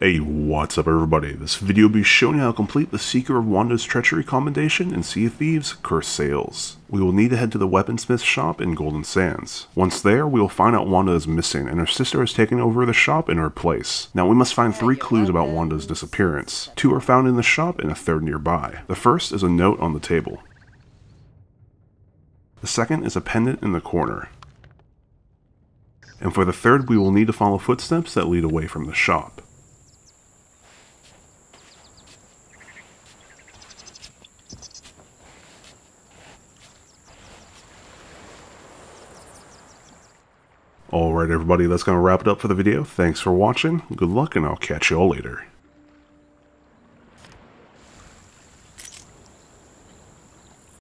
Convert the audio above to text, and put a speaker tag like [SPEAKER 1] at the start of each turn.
[SPEAKER 1] Hey, what's up everybody? This video will be showing you how to complete the Seeker of Wanda's Treachery Commendation in Sea of Thieves Curse Sales. We will need to head to the Weaponsmith's shop in Golden Sands. Once there, we will find out Wanda is missing and her sister has taken over the shop in her place. Now we must find three clues about Wanda's disappearance. Two are found in the shop and a third nearby. The first is a note on the table. The second is a pendant in the corner. And for the third, we will need to follow footsteps that lead away from the shop. Alright everybody, that's going to wrap it up for the video. Thanks for watching, good luck, and I'll catch you all later.